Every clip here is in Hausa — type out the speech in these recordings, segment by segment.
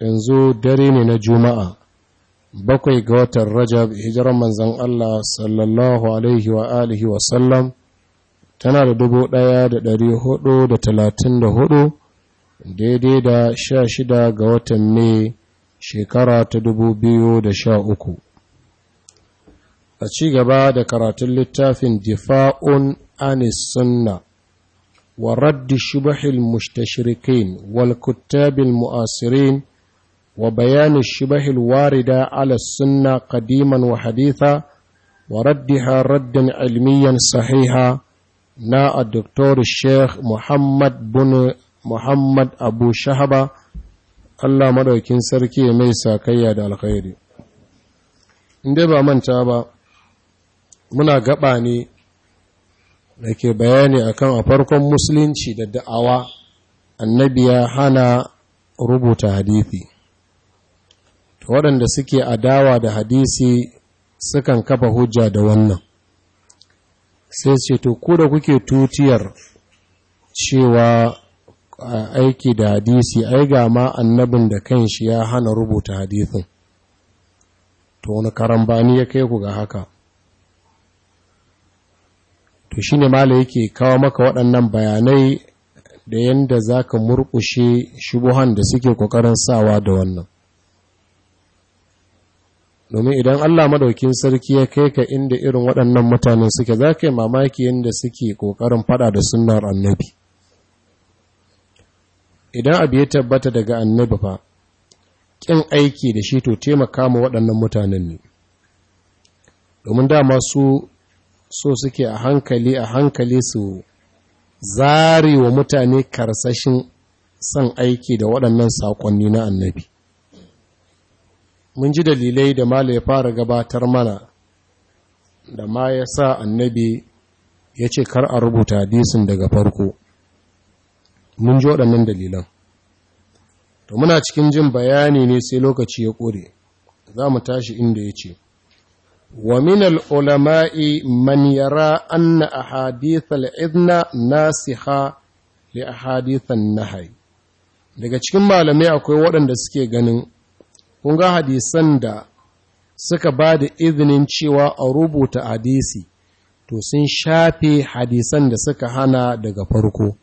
yanzu dare ne na juma'a bakwai ga watan rajab hijiran manzan Allah sallallahu alaihi wa alihi wa sallam tana da dubu ɗaya da dari hudu da talatin da hudu daidai da sha shida ga watan mai shekara ta dubu biyu da sha uku a ci gaba da karatun littafin difa'un anis sunna wa raddi shubahil mushtashirikin wal kuttabil mu'asirin وبيان الشبه الواردة على السنة قديما وحديثا وردها ردا علميا صحيحا نا الدكتور الشيخ محمد بن محمد أبو شهبة Allah madaukin sarki ya mai sakayya da alkhairi dai ba manta ba muna gaɓa ne da ke bayani akan a farkon musulunci da da'awa annabi ya hana rubuta hadithi waɗanda suke adawa da hadisi sukan kafa hujja da wannan sai ce to ku da kuke tutiyar cewa aiki da hadisi ai ga ma annabin da kanshi ya hana rubuta hadisin to wani karambani ya kai ku ga haka to shi ne mala yake kawo maka waɗannan bayanai da yadda za ka murƙushe shubuhan da suke ƙoƙarin sawa da wannan domin idan Allah madaukin sarki ya kai ka inda irin waɗannan mutane suke za ka yi mamaki yadda suke ƙoƙarin faɗa da sunar annabi idan abu ya tabbata daga annabi fa ƙin aiki da shi to taimaka ma waɗannan mutanen ne domin dama su so suke a hankali a hankali su zare wa mutane karsashin son aiki da waɗannan saƙonni na annabi mun ji dalilai da mala ya fara gabatar mana da ma ya sa annabi ya ce kar a rubuta hadisin daga farko mun ji waɗannan dalilan to muna cikin jin bayani ne sai lokaci ya ƙure za mu tashi inda ya ce wa min al'ulama'i man yara anna a hadithal nasiha li a hadithan nahai daga cikin malamai akwai waɗanda suke ganin kun ga hadisan da suka ba da izinin cewa a rubuta hadisi to sun shafe hadisan da suka hana daga farko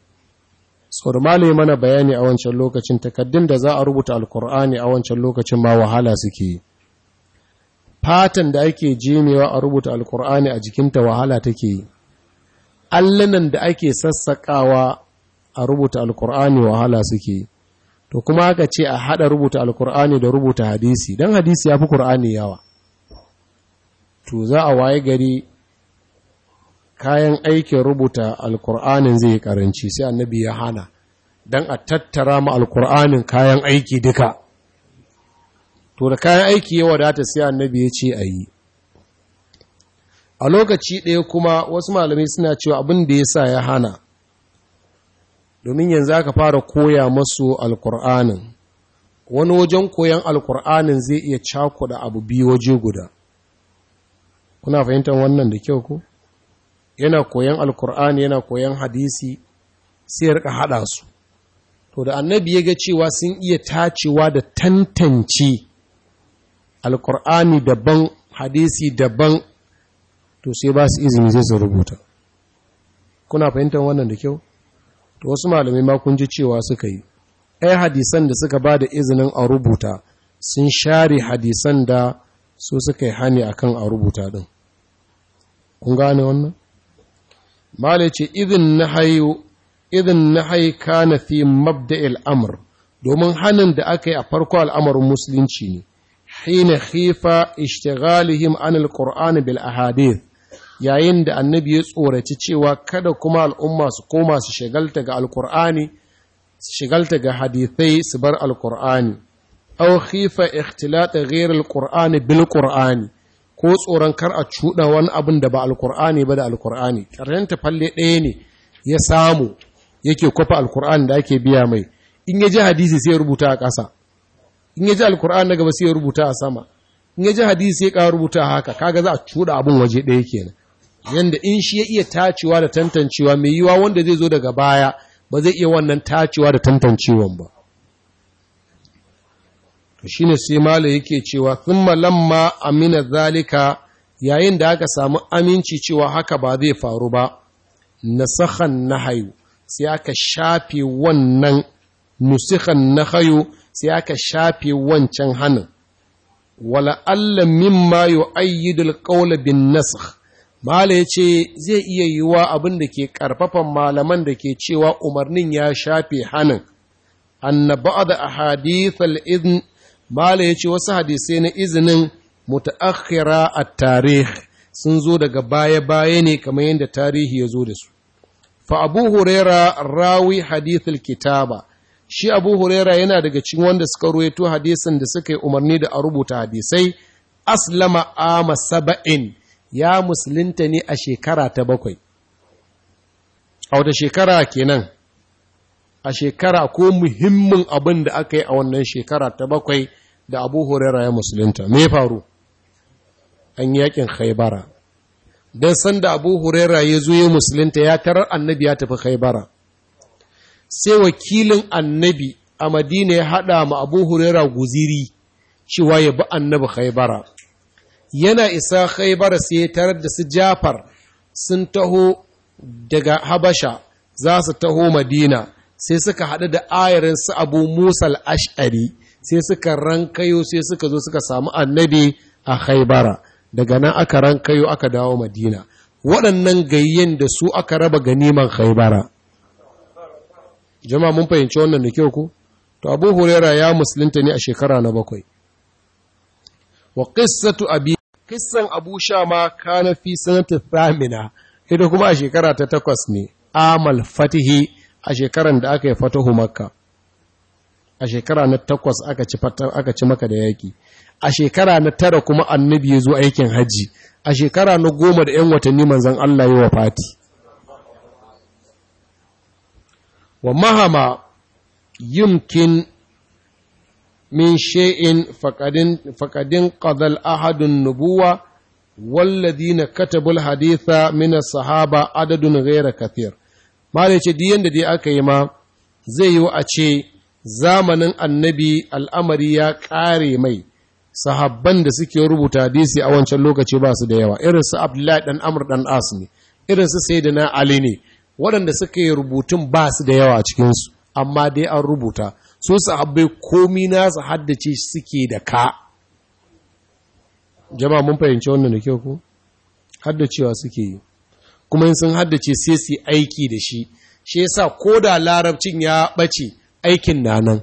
tsormale mana bayani a wancan lokacin takaddun da za a rubuta alkur'ani a wancan lokacin ma wahala suke fatan da ake jemewa a rubuta alkur'ani a jikinta wahala take yi allanan da ake sassakawa a rubuta alkur'ani wahala suke yi. to kuma aka ce a hada rubuta alkur'ani da rubuta hadisi don hadisi ya fi kur'ani yawa to za a waye gari kayan aikin rubuta alkur'anin zai karanci sai annabi ya hana don a tattara ma alkur'anin kayan aiki duka to da kayan aiki ya wadata sai annabi ya ce a yi a lokaci ɗaya kuma wasu malamai suna cewa abin da ya sa ya hana domin yanzu aka fara koya masu alkur'anin wani wajen koyan alkur'anin zai iya cakuda abu biyu waje guda kuna fahimtar wannan da kyau ko yana koyan alkur'ani yana koyan hadisi sai rika hada su to da annabi ya ga cewa sun iya tacewa da tantance alkur'ani daban hadisi daban to sai ba su izini zai su rubuta kuna fahimtar wannan da kyau to wasu malamai ma kun ji cewa suka yi ai hadisan da suka ba da izinin a rubuta sun share hadisan da su suka yi hani akan a rubuta ɗin kun gane wannan malai ce idin na idin kana fi mabda al’amur domin hannun da aka yi a farko al'amarin musulunci ne hina khifa ishtighalihim an alqur'ani bil ahadith yayin da annabi ya tsoraci cewa kada kuma al'umma su koma su shigalta ga alkur'ani su shigalta ga hadithai su bar alkur'ani aw khifa ikhtilata ghayr alqur'ani bil qur'ani ko tsoron kar a cuɗa wani abin da ba alkur'ani ba da alkur'ani ƙarshen falle ɗaya ne ya samu yake kwafa alkur'ani da ake biya mai in ya ji hadisi sai ya rubuta a ƙasa in ya ji alkur'ani na gaba sai ya rubuta a sama in ya ji hadisi sai ya ƙara rubuta haka kaga za a cuɗa abin waje ɗaya kenan yanda in shi ya iya tacewa da tantancewa mai yiwa wanda zai zo daga baya ba zai iya wannan tacewa da tantancewan ba to shine sai mala yake cewa sun malamma amina zalika yayin da aka samu aminci cewa haka ba zai faru ba na nahayu sai aka shafe wannan na nahayu sai aka shafe wancan hannun wala alla mimma yu'ayyidu bin nasakh Mala ya ce zai iya wa abin da ke ƙarfafan malaman da ke cewa umarnin ya shafe hannun, annaba da a hadithal izin, Mala ya ce wasu hadisai na izinin mutaakhira a tarih sun zo daga baya-baya ne kamar yadda tarihi ya zo da su. Fa Abu hurera rawi hadithal kitaba, shi Abu hurera yana daga cin wanda suka ruwaito hadisan da suka yi umarni da a rubuta hadisai, aslama ama saba'in ya musulunta ne a shekara ta bakwai a wata shekara kenan a shekara ko muhimmin abin da aka yi a wannan shekara ta bakwai da abu horera ya musulunta me faru an yakin haibara don sanda abu horera ya zo ya musulunta ya tarar annabi ya tafi haibara sai wakilin annabi a madina ya haɗa ma abu horera guziri cewa ya bi annabi haibara yana isa khaibar sai tarar da su jafar sun taho daga habasha za su taho madina sai suka haɗu da ayarin su abu musal ash'ari sai suka rankayo sai suka zo suka samu annabi a khaibara daga nan aka rankayo aka dawo madina waɗannan gayyen da su aka raba ganiman khaibara jama'a mun fahimci wannan da kyau ku to abu hurera ya musulunta ne a shekara na bakwai wa qissatu abi kissan abu sha ma kana fi sanatin famina ita kuma a shekara ta takwas ne amal fatihi a shekaran da aka yi fatahu makka a shekara na takwas aka ci maka da yaki a shekara na tara kuma annabi ya zo aikin haji a shekara na goma da yan watanni manzan Allah yi wa fati. wa mahama yumkin min shay'in faqadin ƙazal ahadun nubuwa walladhina katabul haditha min sahaba adadun raira kathir malai ce diyan dai aka yi ma zai yi a ce zamanin annabi al'amari ya ƙare mai sahabban da suke rubuta hadisi a wancan lokaci basu da yawa irin su abdullahi dan amr dan Asmi ne irin su sayyidina ali ne waɗanda suka yi rubutun basu da yawa a cikinsu amma dai an rubuta su sahabbai komi su haddace suke da ka jama'a mun fahimci wannan da kyau ku, haddacewa suke yi kuma yin sun haddace sai su aiki da shi shi yasa ko da larabcin ya ɓace aikin na nan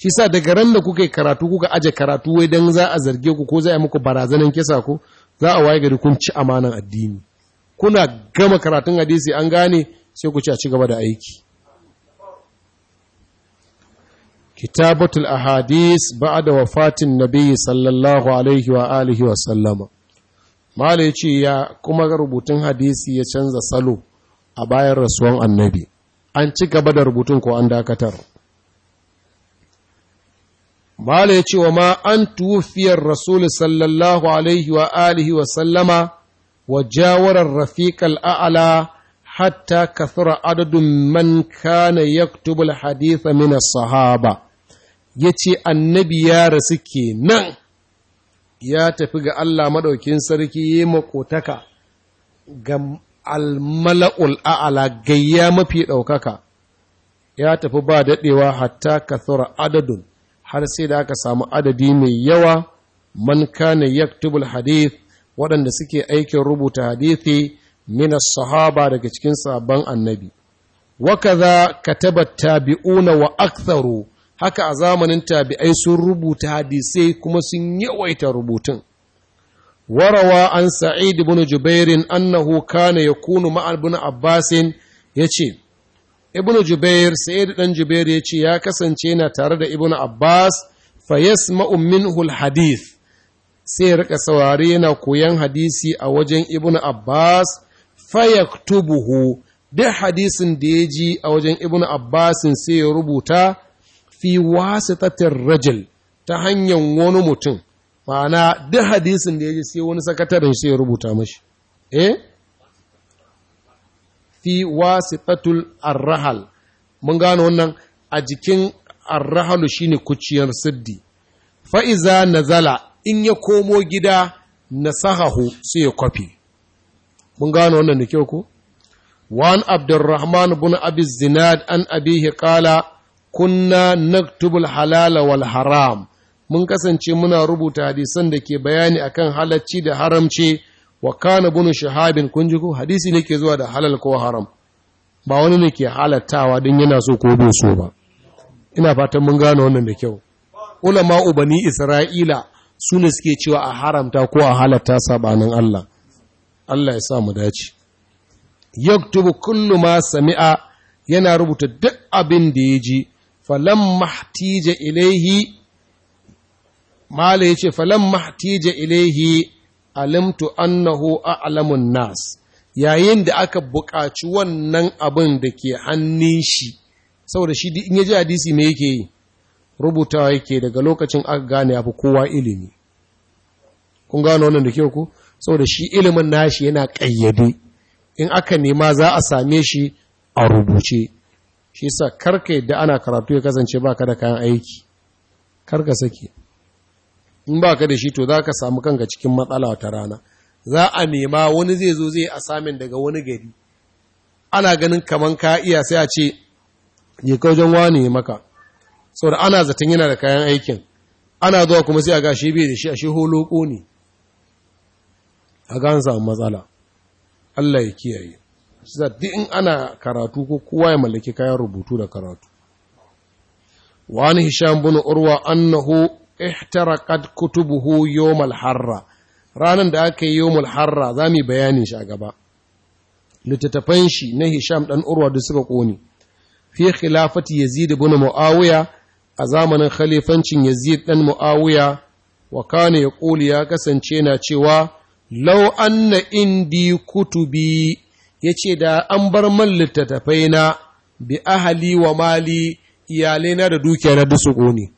shi sa daga ran da kuka yi karatu kuka aje karatu wai don za a zarge ku ko za a muku barazanin kisa ku, za a waye gari kun ci amanan addini kuna gama karatun hadisi an gane sai ku ci a ci gaba da aiki kitabatul ahadis da wafatin nabi sallallahu alaihi wa alihi wa sallama malai ce ya kuma rubutun hadisi ya canza salo a bayan rasuwan annabi an ci gaba da rubutun ko an dakatar malai ce wa ma an tuwufiyar rasul sallallahu alaihi wa alihi wa sallama wa jawarar rafiqal a'la hatta kathura adadin man kana yaktubul al min as-sahaba ya ce annabi ya rasu ke nan. ya tafi ga Allah maɗaukin sarki ya makotaka ga almala'ul a'ala gayya mafi ɗaukaka ya tafi ba daɗewa hatta ka tsora adadun har sai da aka samu adadi mai yawa man ya yaktubul hadith waɗanda suke aikin rubuta hadithi mina sahaba daga cikin sabon annabi wa ka katabat tabi'una wa aktharu haka a zamanin tabi'ai sun rubuta hadisai kuma sun yawaita rubutun warawa an sa'id ibn jubairin annahu kana yakunu kunu ibn abbasin yace ibn jubair sa'id dan jubair yace ya kasance yana tare da ibn abbas fa yasma'u minhu alhadith sai rika saurari yana koyan hadisi a wajen ibn abbas fa yaktubuhu duk hadisin da ya ji a wajen ibn abbasin sai ya rubuta fi wasitatin rajil ta hanyar wani mutum ma'ana duk hadisin da ya ji sai wani sakataren sai ya rubuta mashi eh fi wasitatul arrahal mun gano wannan a jikin arrahalu shine kuciyar siddi fa'iza nazala in ya komo gida na sahahu sai ya kwafi mun gano wannan da kyau ko wa'an abdurrahman bin بن zinad an abihi kala kunna naktubul halala wal haram mun kasance muna rubuta hadisan da ke bayani akan halacci da haramci wa kana bunu shahabin kun ji hadisi ne ke zuwa da halal ko haram ba wani ne ke halattawa don yana so ko bai so ba ina fatan mun gano wannan da kyau ulama ubani isra'ila su ne suke cewa a haramta ko a halatta sabanin Allah Allah ya sa mu dace yaktubu kullu ma sami'a yana rubuta duk abin da ya ji falan mahtije ilaihi mala yace falan mahtija ilaihi alimtu annahu a'lamun nas yayin da aka buƙaci wannan abin da ke hannun shi saboda shi in ji hadisi me yake yi rubutawa yake daga lokacin aka gane abu kowa ilimi kun gano wannan da kyau ku saboda shi ilimin nashi yana ƙayyade in aka nema za a same shi a rubuce shi sa karka yadda ana karatu ya kasance ba ka da kayan aiki karka sake in ba ka da shi to za ka samu kanka cikin matsala ta rana za a nema wani zai zo zai asamin daga wani gari ana ganin kamar ka iya sai a ce je kaujen wani maka saboda ana zaton yana da kayan aikin ana zuwa kuma sai a ga shi bai da shi a shi holoko ne a ga an matsala Allah ya kiyaye zaddi in ana karatu ko kowa ya mallaki kayan rubutu da karatu wani hisham bin urwa annahu ihtaraqat kutubuhu al harra ranan da aka yi al harra zamu bayanin shi a gaba littattafan shi na hisham dan urwa da suka kone fi khilafati yazid ibn muawiya a zamanin khalifancin yazid dan muawiya wa kana yaqulu ya kasance na cewa law anna indi kutubi ya ce da an bar man littattafai na bi ahali wa mali iyalai na da dukiya na dusu goni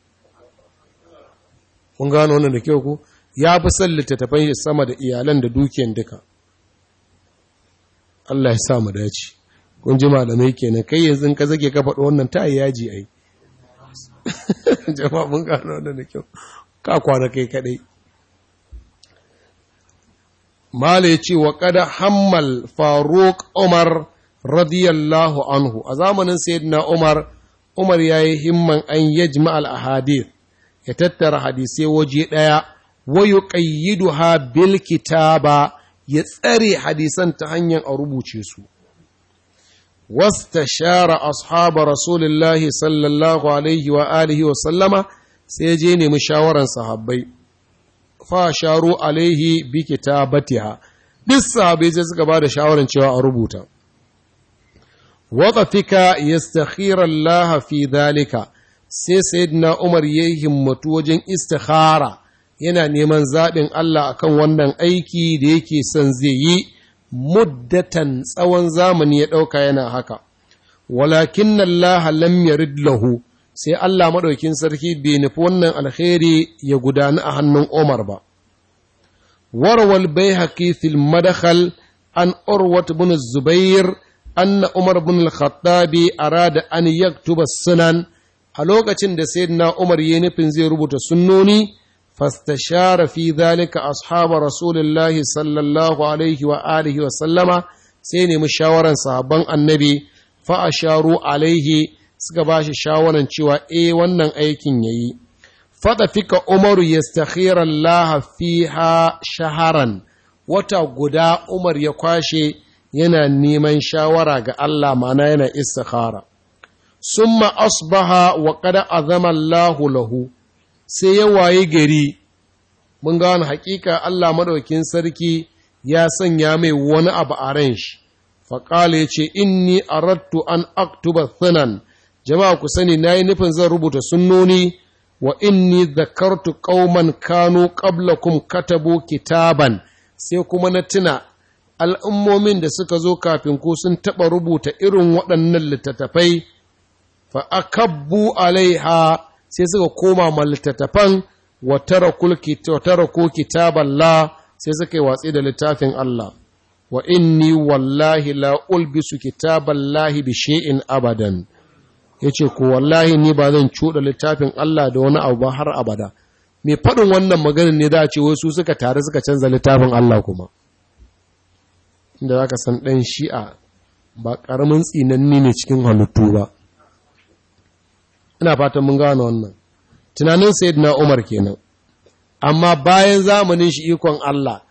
kun gano wannan da kyau ku ya fi son littattafai sama da iyalan da dukiyan duka Allah ya sa mu dace kun ji malamai kenan kai yanzu ka zage ka faɗo wannan ta yaji ai jama'a mun gano wannan da kyau ka kwana kai kadai mala ya ce wa kada hammal faruk umar radiyallahu anhu a zamanin sayyidina umar umar ya yi himman an yajma al ya tattara hadisai waje ɗaya wa yuqayyiduha bilkita ba ya tsare hadisan ta hanyar a rubuce su Sallallahu alaihi wa الله صلى الله عليه وآله je shawarar shawaran sahabbai. fa sharu alaihi bi kitabatiha duk sahabbai sai suka ba da shawaran cewa a rubuta waɗafika ya stakhiran laha fi dalika sai sayyidina umar ya yi himmatu wajen istikhara yana neman zaɓin Allah akan wannan aiki da yake son zai yi muddatan tsawon zamani ya ɗauka yana haka walakin Allah lam yarid lahu sai Allah maɗaukin sarki bai nufi wannan alheri ya gudana a hannun Omar ba. Warwal bai haƙi fil madakhal an Urwat bin Zubair anna Umar bin al-Khattabi arada an yaktuba sunan a lokacin da sayyidina Umar ya nufin zai rubuta sunnoni fastashara fi dhalika ashaba rasulillahi sallallahu alaihi wa alihi wa sallama sai nemi shawaran sahabban annabi fa asharu alaihi suka ba shi shawaran cewa eh wannan aikin ya yi fika umaru ya stakhiran fiha shaharan wata guda umar ya kwashe yana neman shawara ga Allah mana yana istikhara summa asbaha wa qad azama Allahu lahu sai ya waye gari mun ga wani hakika Allah madaukin sarki ya sanya mai wani abu a ran shi faƙala yace inni arattu an aktuba thanan jama'a ku sani na yi nufin zan rubuta sunnoni wa inni zakartu qauman kanu qablakum katabu kitaban sai kuma na tuna al'ummomin da suka zo kafin ku sun taɓa rubuta irin waɗannan littattafai fa akabbu alaiha sai suka koma ma littattafan wa taraku kitaballah sai suka yi watsi da littafin Allah wa inni wallahi la ulbisu kitaballahi bi shay'in abadan ya ce ko wallahi ni ba zan cuɗa littafin Allah da wani abu ba har abada mai faɗin wannan maganin ne za a ce wasu suka tare suka canza littafin Allah kuma inda za ka san ɗan shi'a ba ƙaramin tsinanni ne cikin halittu ba ina fatan mun gano wannan tunanin na umar kenan amma bayan zamanin shi ikon Allah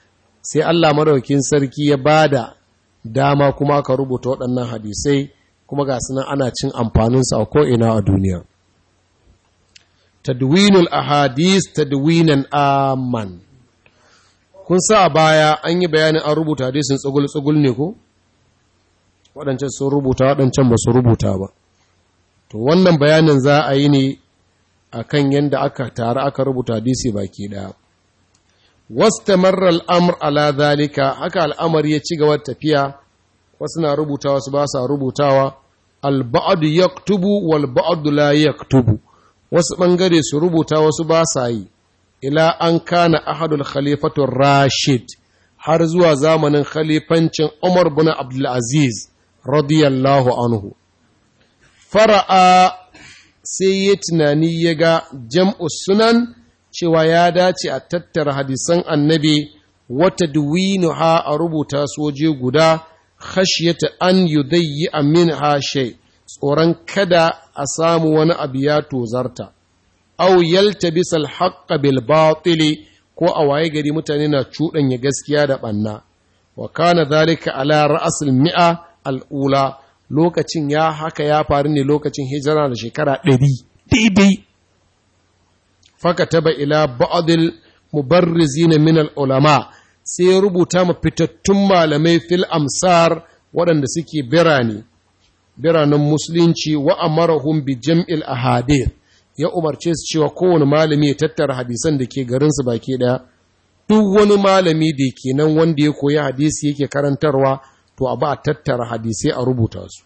sai Allah maraukin sarki ya bada dama kuma ka rubuta waɗannan hadisai kuma ga sunan ana cin amfaninsa a ko'ina a duniya tadwinul ahadis tadwinan aman kun sa baya an yi bayanin an rubuta hadisin tsugul-tsugul ne ko waɗancan sun rubuta waɗancan ba su rubuta ba to wannan bayanin za a yi ne a kan yadda aka tare aka rubuta hadisi baki ɗaya Wasu tamarar al'amur ala zalika haka al'amar ya ci gaba tafiya wasu na rubuta wasu ba sa rubutawa alba'adu yaktubu walba'du walba'adu la yaktubu wasu ɓangare su rubuta wasu ba sa yi ila an kana ahadul khalifatun rashid har zuwa zamanin khalifancin Umar bin Abdul Aziz radiyallahu anhu fara'a sai ya tunani ya ga jam'u sunan cewa ya dace a tattara hadisan annabi wata ha a rubuta soje guda khashyata an yudayyi min shay tsoron kada a samu wani abu ya tozarta au yaltabisa alhaqqa bil batil ko a waye gari mutane na cuɗanya gaskiya da ɓanna wa kana zalika ala ra'asul mi'a al'ula lokacin ya haka ya faru ne lokacin hijira da shekara ɗari daidai faka taba ila ba'adil mubarrizi na min ulama sai ya rubuta ma fitattun malamai fil amsar waɗanda suke birane biranen musulunci wa amarahum bi jam'il ahadith ya umarce su cewa kowane malami ya tattara hadisan da ke garinsu baki ɗaya duk wani malami da ke nan wanda ya koyi hadisi yake karantarwa to a ba a tattara hadisai a rubuta su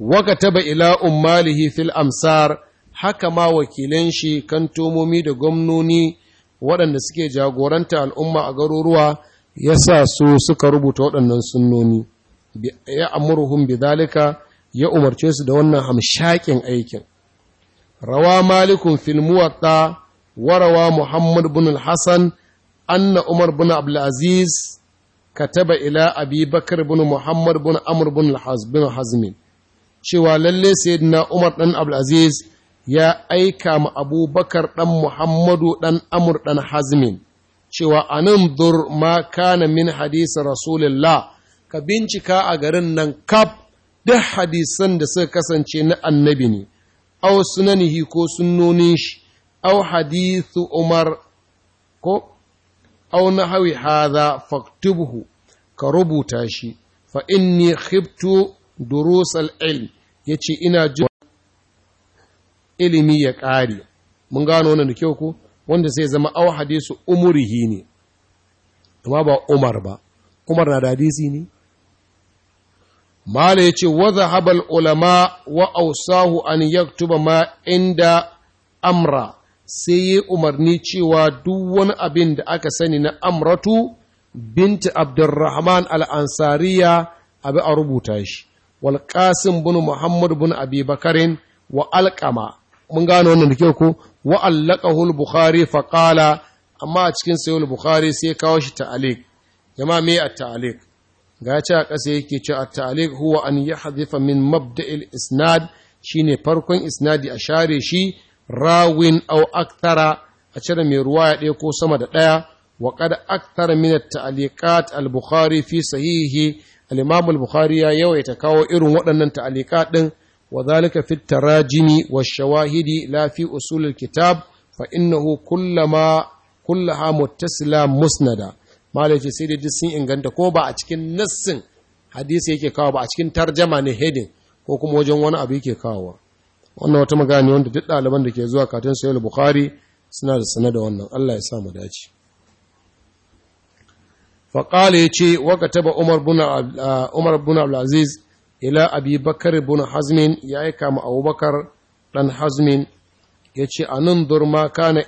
waka taba ila malihi fil amsar haka ma wakilan shi kantomomi da gwamnoni waɗanda suke jagoranta al'umma a garuruwa ya sa su suka rubuta waɗannan sunnoni ya amurhun bi zalika ya umarce su da wannan hamshakin aikin rawa malikun fil wa rawa muhammad bin hassan anna umar bin ka kataba ila abi bin muhammad bin amur bin hazmin cewa lalle sayyidina umar dan abdul ya aika ma abubakar ɗan muhammadu ɗan amur ɗan hazmin cewa a nan dur ma kana min hadisa rasulullah ka bincika a garin nan kaf duk hadisan da suka kasance na annabi ne au sunanihi ko sunnonin shi au hadithu umar ko au na hawi haza faktubuhu ka rubuta shi fa inni khibtu durusal ilm yace ina ilimi ya ƙare mun gano wannan da kyau ku. wanda sai zama au hadisu umurihi ne amma ba umar ba umar na da hadisi ne mala ce wa habal ulama wa ausahu an yaktuba ma inda amra sai yi umarni cewa duk wani abin da aka sani na amratu binti abdurrahman al'ansariya abi a rubuta shi walƙasin bunu bin muhammad bin abi bakarin wa alƙama mun gano wannan da kyau ko wa allaqahu al-bukhari fa qala amma a cikin sahih al-bukhari sai kawo shi ta'liq jama me at-ta'liq ga ce a ƙasa yake ce at-ta'liq huwa an yahdhifa min mabda'il isnad shine farkon isnadi a share shi rawin aw akthara a cire mai ruwaya ɗaya ko sama da ɗaya wa qad akthara min at-ta'liqat al-bukhari fi sahihi al-imam al-bukhari ya yawaita kawo irin waɗannan ta'liqat din wa zalika fit jini wa shawahidi la fi usulul kitab fa innahu kullama kullaha muttasila musnada malaje sai da duk sun inganta ko ba a cikin nassin hadisi yake kawo ba a cikin tarjama ne hedin ko kuma wajen wani abu yake kawo wannan wata magana wanda duk ɗaliban da ke zuwa katin sayar bukhari suna da sana da wannan Allah ya sa mu dace faƙala ya ce waka taba umar buna abdulaziz ila abi bakar ibn hazmin ya aika ma abubakar ɗan hazmin ya ce a nan durma kana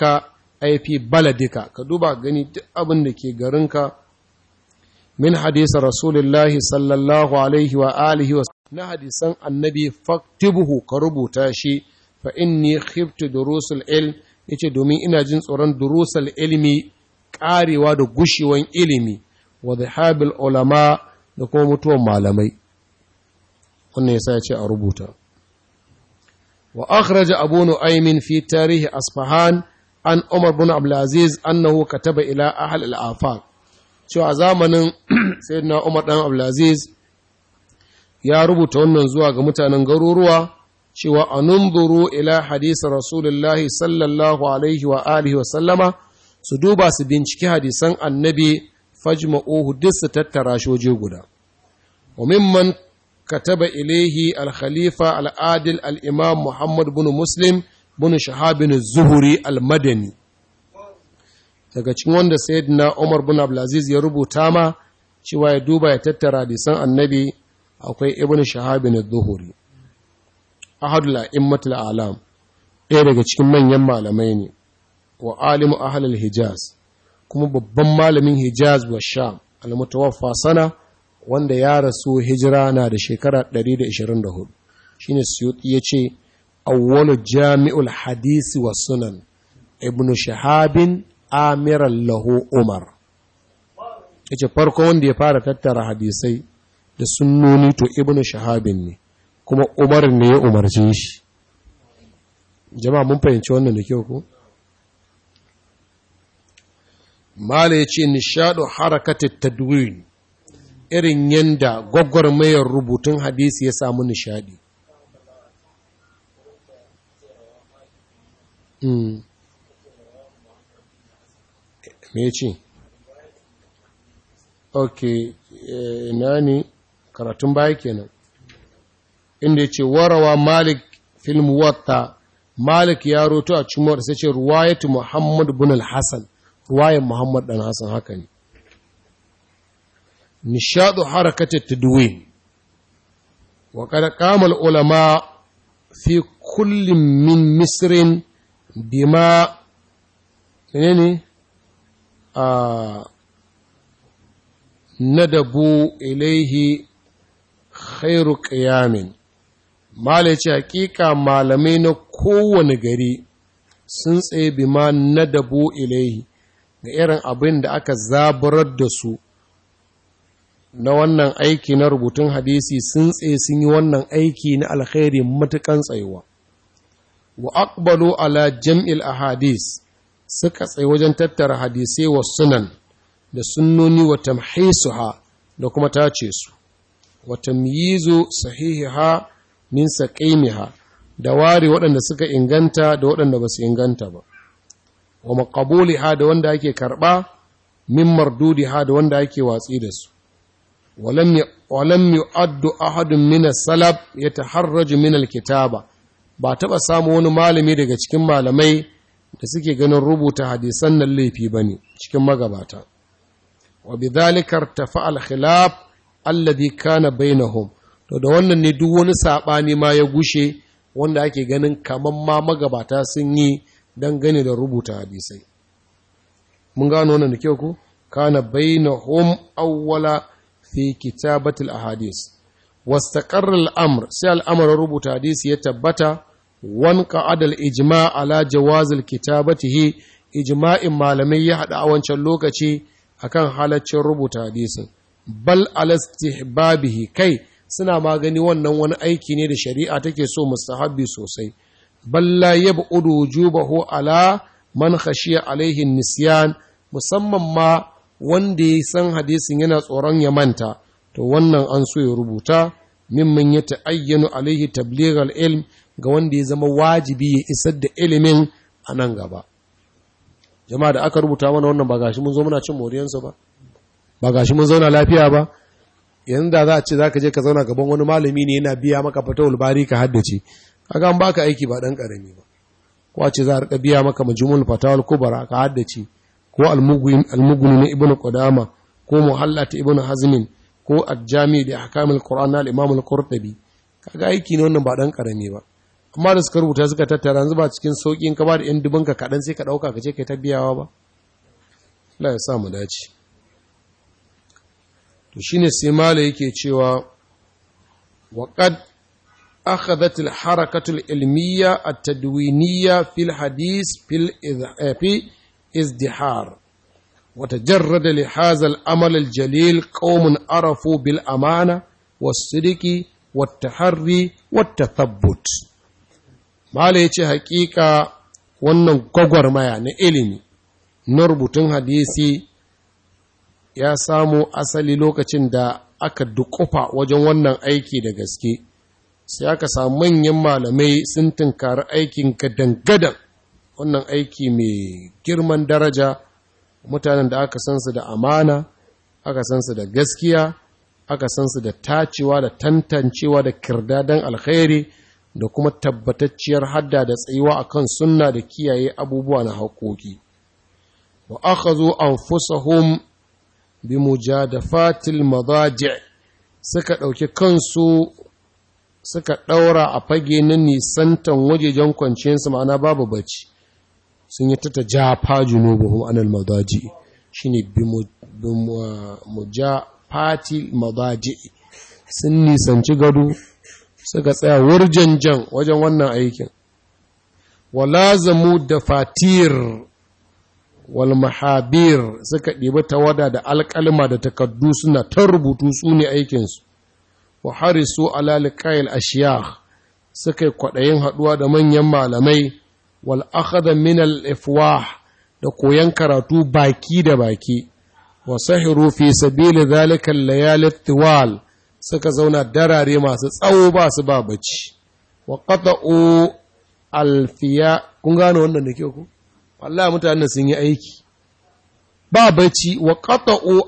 ka aifi baladika ka duba gani duk abin da ke garinka min hadisa rasulullahi sallallahu alaihi wa alihi na hadisan annabi faktibuhu ka rubuta shi fa inni khiftu durusul ya yace domin ina jin tsoron durusul ilmi karewa da gushewan ilimi wa dhahabil ulama da kuma mutuwan malamai wannan yasa ya a rubuta wa akhraja abu nu'aymin fi tarihi asfahan an umar bin aziz annahu kataba ila ahli al-afaq cewa zamanin sayyidina umar dan aziz ya rubuta wannan zuwa ga mutanen garuruwa cewa anunzuru ila hadisi rasulullahi sallallahu alaihi wa alihi wa sallama su duba su binciki hadisan annabi fajma'uhu duk su tattara shoje guda wa mimman kataba ilaihi al-khalifa al-adil al-imam Muhammad bin Muslim bin alMadani. daga cikin wanda sayyidina Umar bin Abdulaziz ya rubuta ma cewa ya duba ya tattara hadisan annabi akwai ibn Shahab bin Zuhri ahadul a'immatul a'lam ɗaya daga cikin manyan malamai ne wa alimu ahlul Hijaz kuma babban malamin Hijaz wa Sham al-mutawaffa sana wanda ya rasu hijira na da shekara 124 shine suyuti ya ce awwalu jami'ul hadisi wa sunan ibn shahabin amiran lahu umar ya ce farko wanda ya fara tattara hadisai da sunnoni to ibn shahabin ne kuma umar ne ya Umarci. shi jama'a mun fahimci wannan da kyau ko mala ya ce nishadu harakatar tadwin irin yanda mayar rubutun hadisi ya samu nishadi hmm. me ce ok eh, ina ne karatun baya kenan inda ce warawa malik film wata malik ya roto a cimar sai ce ruwayatu muhammad bin al-hassan ruwayan muhammad dan hassan haka ne nishadu harakati tadwin wa qad qama ulama fi kulli min misrin bima menene a nadabu ilaihi khairu qiyamin malai ce malamai na kowane gari sun tsaye bima nadabu ilaihi ga irin abin da aka zaburar da su na wannan aiki na rubutun hadisi sun tse sun yi wannan aiki na alkhairi matukan tsayuwa wa aqbalu ala jam'il ahadis suka tsaye wajen tattara hadisai wa sunan da sunnoni wa tamhisuha da kuma tace su wa tamyizu sahihiha min ha da ware waɗanda suka inganta da waɗanda ba su inganta ba wa ha da wanda ake karɓa min ha da wanda ake watsi da su walam yu'addu ahadun min as-salaf yataharraju min al-kitaba ba taɓa samu wani malami daga cikin malamai da suke ganin rubuta hadisan nan laifi ba ne cikin magabata wa bidhalika irtafa al-khilaf alladhi kana bainahum to da wannan ne duk wani saɓani ma ya gushe wanda ake ganin kaman ma magabata sun yi dan gane da rubuta hadisai mun gano wannan da kyau ku kana bainahum awwala fi kitabatul ahadis wastaqarra amr sai al'amarin rubuta hadisi ya tabbata wanka adal ijma ala jawazil kitabatihi ijma'in malamai ya hada a wancan lokaci akan halaccin rubuta hadisin bal alastihbabihi kai suna magani wannan wani aiki ne da shari'a take so mustahabbi sosai balla yab'udu wujubahu ala man khashiya alaihi nisyan musamman ma wanda ya san hadisin yana tsoron ya manta to wannan an so ya rubuta mimman ya ta'ayyanu alaihi tablighal ilm ga wanda ya zama wajibi ya isar da ilimin a nan gaba jama'a da aka rubuta mana wannan ba gashi mun zo muna cin moriyansa ba ba gashi mun zauna lafiya ba yanzu da za a ce zaka je ka zauna gaban wani malami ne yana biya maka fatawul bari ka haddace kaga an baka aiki ba dan karami ba ko a ce za a rika biya maka majmul fatawul kubra ka haddace ko almuguni na Ibnu qudama ko muhallata Ibnu ibn hazmin ko Adjami da ahkamul qur'an na al-imam al-qurtubi kaga aiki ne wannan ba dan karami ba amma da suka rubuta suka tattara yanzu ba cikin saukin ka ba da yan dubin ka kadan sai ka dauka ka je kai ta biyawa ba Allah ya sa mu dace to shine sai mala yake cewa wa qad Harakatul, الحركة العلمية التدوينية في الحديث في, الإذ... izdihar وتجرد لهذا الأمل الجليل قوم عرفوا بالأمانة والصدق والتحري والتثبت ما ليش حقيقة wannan gwagwarmaya na ilimi na rubutun hadisi ya samo asali lokacin da aka dukufa wajen wannan aiki da gaske sai aka samu manyan malamai sun tunkari aikin gadan-gadan wannan aiki mai girman daraja mutanen da aka san su da amana aka san su da gaskiya aka san su da tacewa da tantancewa da kirdadan alkhairi da kuma tabbatacciyar hadda da tsayuwa a kan sunna da kiyaye abubuwa na haƙoƙi wa akhadhu anfusahum bi mujadafatil mazaje suka ɗauki kansu suka ɗaura a fage na nisantan wajejen kwanciyarsu ma'ana babu bacci sun yi tata ja faju nubuhum anil madaji shine bi mu ja fati madaji sun nisanci gado suka tsaya wurjanjan wajen wannan aikin walazamu da fatir wal mahabir suka ta tawada da alƙalma da takaddu suna ta rubutu su ne aikinsu wa harisu alalikayil liqa'il suka yi kwaɗayin haɗuwa da manyan malamai wal akhadha min al da koyan karatu baki da baki wa sahiru fi sabili dhalika al tiwal suka zauna darare masu tsawo ba su ba bacci wa qata'u alfiya kun gane wannan da ke ku sun yi aiki ba baci wa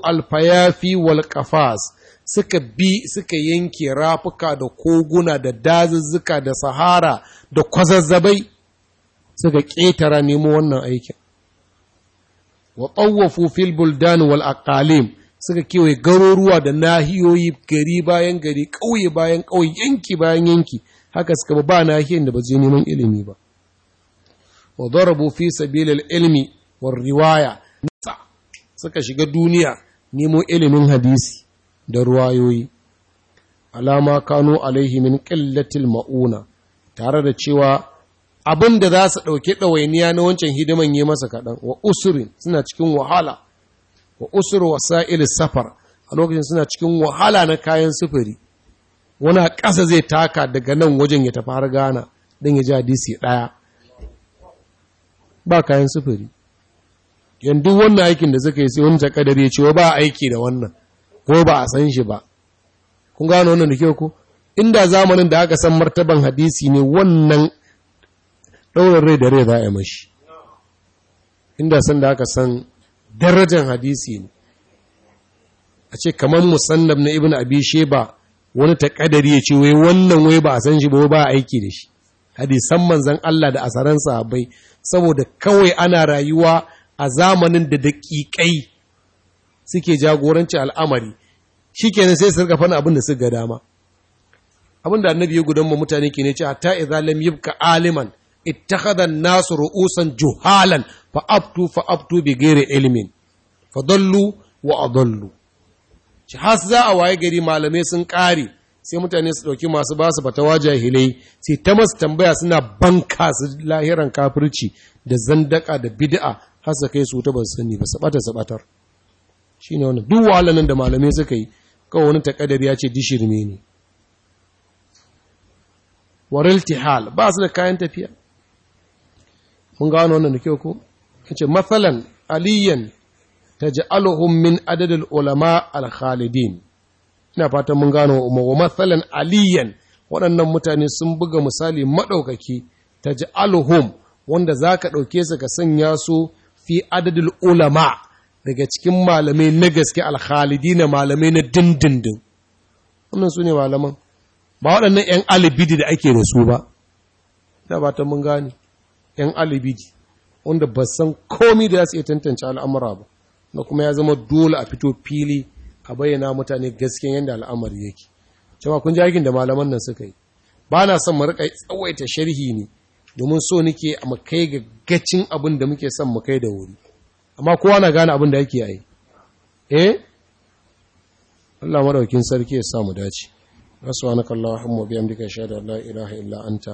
alfayafi wal qafas suka bi suka yanke rafuka da koguna da dazuzzuka da sahara da kwazazzabai suka ƙetara nemo wannan aikin wa tsawafu fil buldan wal aqalim suka kewaye garuruwa da nahiyoyi gari bayan gari ƙauye bayan ƙauye yanki bayan yanki haka suka ba nahiyar da ba je neman ilimi ba wa darabu fi sabilil ilmi war riwaya suka shiga duniya nemo ilimin hadisi da ruwayoyi alama kano alaihi min qillatil mauna tare da cewa abin da za su ɗauki ɗawainiya na wancan hidiman yi masa kaɗan wa usurin suna cikin wahala wa usur wasa'il safar a lokacin suna cikin wahala na kayan sufuri wani ƙasa zai taka daga nan wajen ya tafi har gana don ya ji hadisi ɗaya ba kayan sufuri yanzu wannan aikin da suka yi sai wani takadar ya ce ba aiki da wannan ko ba a san shi ba kun gano wannan da kyau ko inda zamanin da aka san martaban hadisi ne wannan ɗaurin rai da rai za a yi mashi inda san da aka san darajar hadisi ne a ce kamar musannab na ibn abi ba, wani taƙadari ya ce wai wannan wai ba a san shi ba ba a aiki da shi hadisan manzan Allah da asaran sahabai saboda kawai ana rayuwa a zamanin da daƙiƙai suke jagoranci al'amari shi kenan sai su rika fana abin da suka ga dama abin da annabi ya gudan mutane ke ne ce hatta idza lam yibka aliman ittakhadha an-nas ru'usan juhalan fa abtu fa abtu bi ghairi ilmin fa dallu wa adallu shi has za a gari malamai sun kare sai mutane su ɗauki masu ba su fatawa jahilai sai ta masu tambaya suna banka su lahiran kafirci da zandaka da bid'a har su kai su ta sani ba sabata sabatar shine wani duk walanan da malamai suka yi kawai wani takadar ya ce dishirme ne wariltihal ba su da kayan tafiya mun gano wannan da kyau ko yace mathalan aliyan taj'aluhum min adadil ulama al-khalidin ina fatan mun gano wa mathalan aliyan waɗannan mutane sun buga misali madaukaki taj'aluhum wanda zaka dauke su ka sanya su fi adadil ulama daga cikin malamai na gaske al-khalidin malamai na dindindin wannan sune malaman ba waɗannan 'yan alibidi da ake da su ba ina fatan mun gani. 'yan alibidi wanda ba san komi da za su iya tantance al'amura ba na kuma ya zama dole a fito fili a bayyana mutane gaskiyan yadda al'amari yake cewa kun jagin da malaman nan suka yi ba na son mu tsawaita sharhi ne domin so nake a makai ga gacin abin da muke son makai da wuri amma kowa na gane abin da yake yi eh Allah madaukin sarki ya sa mu dace subhanakallahumma wa bihamdika ashhadu da la ilaha illa anta